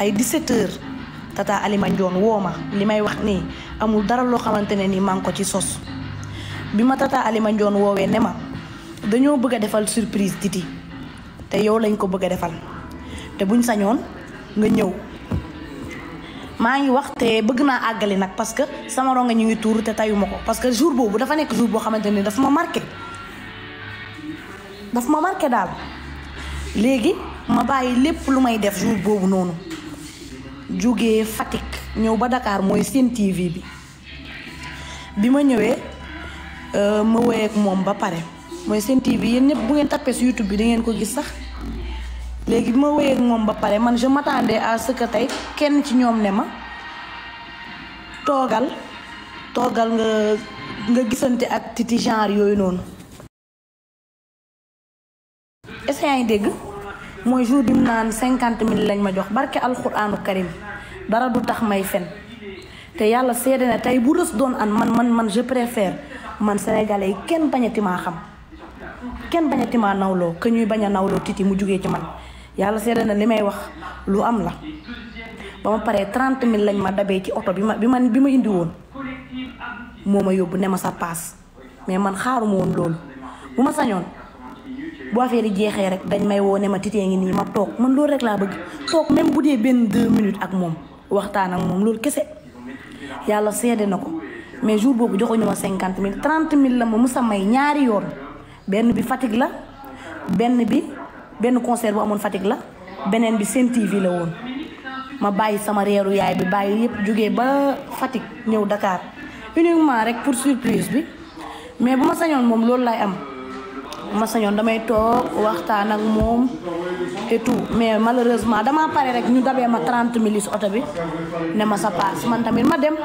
ay 17 heures tata Alima Ndione woo ma li may wax nii amul dara loo xamante ne nii maa ngi ko ci sos bi ma tata Alima joon woowee ne ma dañoo bëgg a defal surprise Titi te yow lañ ko bëgg a defal te buñ sañoon nga ñëw. maa ngi wax te bëgg naa àggali nag parce que sama ronga ñu ngi tuur te tayuma ko parce que jour boobu dafa nekk jour boo xamante ne dafa ma marqué dafa ma marqué daal léegi ma bàyyi lépp lu may def jour boobu noonu. jógee fatik ñëw ba dakaar mooy Sen TV bi bi ma ñëwee euh, ma woy moom ba pare mooy Sen TV yéen ñëpp bu ngeen tapé si YouTube bi da ngeen ko gis sax léegi bi ma woyee moom ba pare man je m'attendais à ce tey kenn ci ñoom ne ma toogal toogal nga nga gisante ak titi genre yooyu noonu est-ce ngi dégg mooy jour bi mu naan cinquante mil lañ ma jox barke alxuraanu karim dara du tax may fen te yàlla seede na tey bu rës doon an man man man je préfère man sénégalais kenn bañati maa xam kenn bañati maa nawloo que ñuy bañ a nawloo titi mu jógee ci man yàlla seede na li may wax lu am la ba ma paree trente mille lañ ma dabee ci oto bi ma bi ma bi ma indi woon mooma yóbbu ne ma sa paas mais man xaaruma woon loolu bu ma sañoon. boo affaire jeexee rek dañ may woo ne ma titee ngi nii ma toog man loolu rek laa bëgg toog même bu dee benn deux minutes ak moom waxtaan ak moom loolu kese yàlla seede na ko mais jour boobu joxuñu ma cinquante mille trente mille la ma musa ñaari yoon benn bi Fatick la benn bi benn concert bu Fatick la beneen bi Sen TV woon ma bàyyi sama reeru yaay bi bàyyi yëpp jógee ba Fatick ñëw Dakar uniquement rek pour surprise bi mais bu ma sañoon moom loolu lay am ma sañoon damay toog waxtaan ak moom et tout mais malheureusement damaa pare rek ñu dabee ma 30 mille oto bi ne ma sa paas man tamit ma dem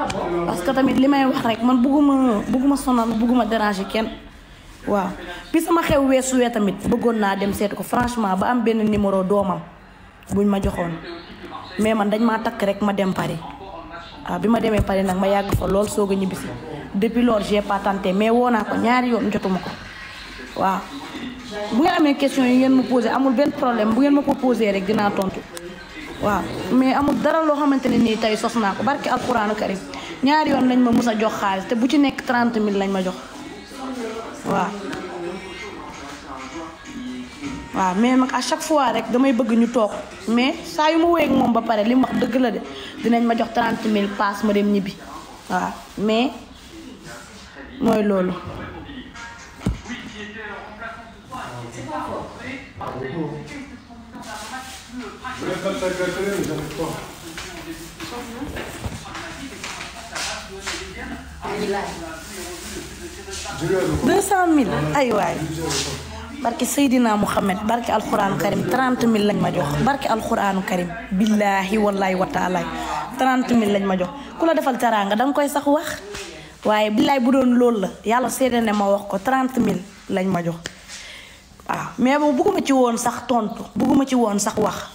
parce que tamit li may rek man bugguma bugguma sonal bugguma déranger kenn waaw bi sama xew weesuwee tamit bëggoon naa dem seeti ko franchement ba am benn numéro doomam buñ ma joxoon mais man dañ maa takk rek ma dem Paris waaw bi ma demee Paris nag ma yàgg fa lool soog a ñibbisi depuis loolu j'ai mais woo naa ko ñaari yoon jotuma ko waaw bu ngeen amee question yi ngeen ma posé amul benn problème bu ngeen ma ko posé rek dinaa tontu waaw mais amul dara loo xamante ne nii tey sos naa ko barki alquranu karim ñaari yoon lañ ma mus a jox xaalis te bu ci nekk 30 mill lañ ma jox waaw. waaw mais ma à chaque fois rek damay bëgg ñu toog mais saa yu ma wéy moom ba pare li mu wax dëgg la de dinañ ma jox 30 000 paas ma dem ñibbi waaw mais mooy loolu. Kalkar götürüyor musun?200 mille ay waay barke Seydina Mouhamed barke alxuraanu karim 30 mille lañ ma jox barke alxuraanu karim billaahi wallaahi wataalaay 30 mille lañ ma jox ku la defal teraanga danga koy sax wax waaye billaay bu doon lool la yàlla seede ne ma wax ko 30 mille lañ ma jox waaw mais bu bugguma ci woon sax tontu bugguma ci woon sax wax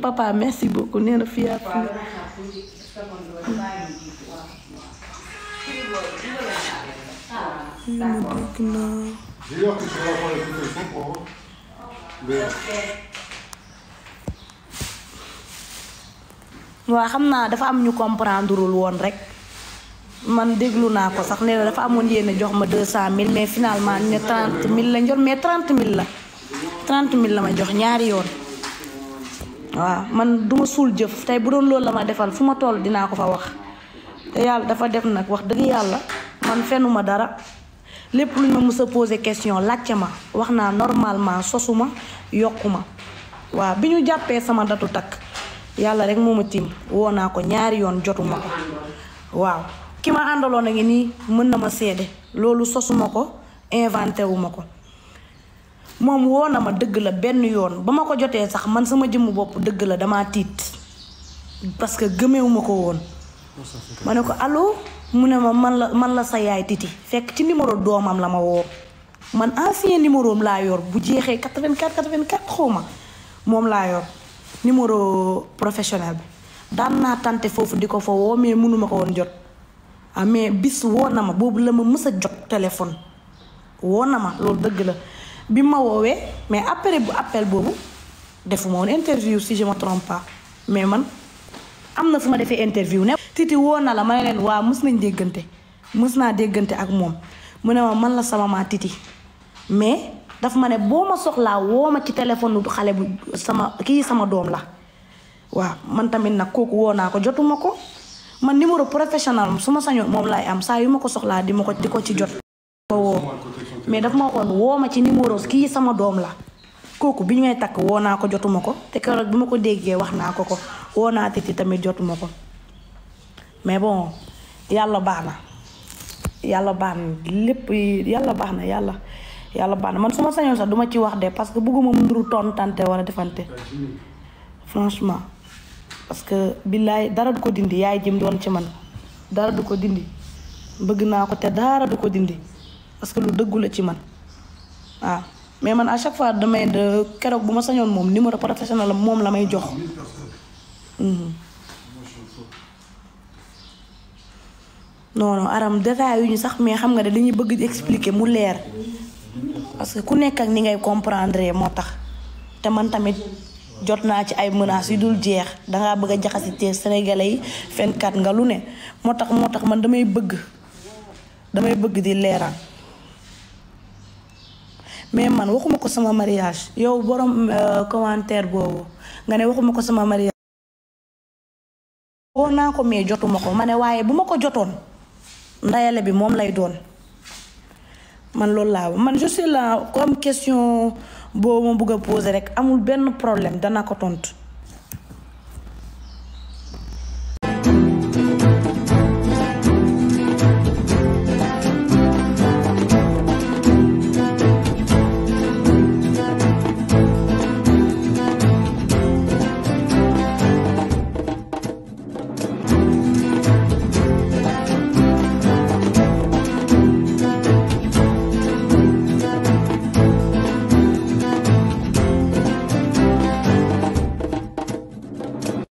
papa merci beaucoup nee na fii ak ah, xam naa dafa am ñu comprendre woon rek man déglu naa ko sax nee dafa amoon yéen a jox ma deux cent mille mais finalement ne trente mille la njor mais trente mille la. trente mille la may jox ñaari yoon waaw man duma suul jëf tey bu doon loolu la ma defal fu ma toll dinaa ko fa wax te yàlla dafa def nag wax dëgg yàlla man fenuma dara lépp lu ñu ma mës a posé question laajte ma wax naa normalement sosuma yokku ma waaw bi ñu jàppee sama datu takk yàlla rek moo ma tiim woo naa ko ñaari yoon jotuma ko waaw ki ma àndaloon a ngi nii mën na ma seede loolu sosuma ko inventé wu ko moom woo na ma dëgg la benn yoon ba ma ko jotee sax man sama jëmmu bopp dëgg la damaa tiit parce que gëmewuma ko woon ma ne ko allo mu ne ma man la man la sa yaay titi fekk ci numéro doomam la ma woo man ancien numéro laa yor bu jeexee 84 xaw ma moom laa yor numéro professionnel bi daan naa tante foofu di ko fa woo mais mënuma ko woon jot ah mais bis woo na ma boobu la ma mës a jot téléphone woo na ma loolu dëgg la bi ma woowee mais après bu appel boobu defuma woon interview si je me trompe mais man am na fu ma defee interview ne. Titi woo na la ma ne leen waa mës nañ déggante mës naa déggante ak moom mu ne ma man la sama maa Titi mais dafa ma ne boo ma soxlaa woo ma ci téléphone bu xale bu sama kii sama doom la waaw man tamit nag kooku woo naa ko jotuma ko man numéro professionnel su ma sañoon moom laay am saa yu ma ko soxlaa di ma ko di ko ci jot. ko woo mais dafa ma woon woo ma ci numéro kii sama doom la kooku bi ñu may takk woo naa ko jotuma ko te keroog bi ma ko déggee wax naa ko ko woo naa titi tamit jotuma ko mais bon yàlla baax na yàlla baax na lépp yàlla baax na yàlla yàlla baax na man su ma sañoon sax duma ci wax de parce que bëgguma mu nduru war a defante franchement parce que billaay dara du ko dindi yaay jëm doon ci man dara du ko dindi bëgg naa ko te dara du ko dindi parce que lu dëggu ci man waaw mais man à chaque fois damay de keroog bu ma sañoon moom numéro professionnel am moom la may jox. Mhm. non non aram détail yu ñu sax mais xam nga de dañuy bëgg di expliquer mu leer parce que ku nekk ak ni ngay comprendre moo tax te man tamit jot naa ci ay menaces yu dul jeex dangaa bëgg a jaxasitee sénégalais yi fenkat nga lu ne moo tax moo tax man damay bëgg damay bëgg di leeraan mais man waxuma ko sama mariage yow borom euh, commentaire boobu nga ne waxuma ko sama mariage. woo naa ko mais jotuma ko ma ne waaye bu ma ko jotoon ndayale bi moom lay doon man loolu laa man je suis comme question boo ma bëgg a poser rek amul benn problème danaa ko tontu.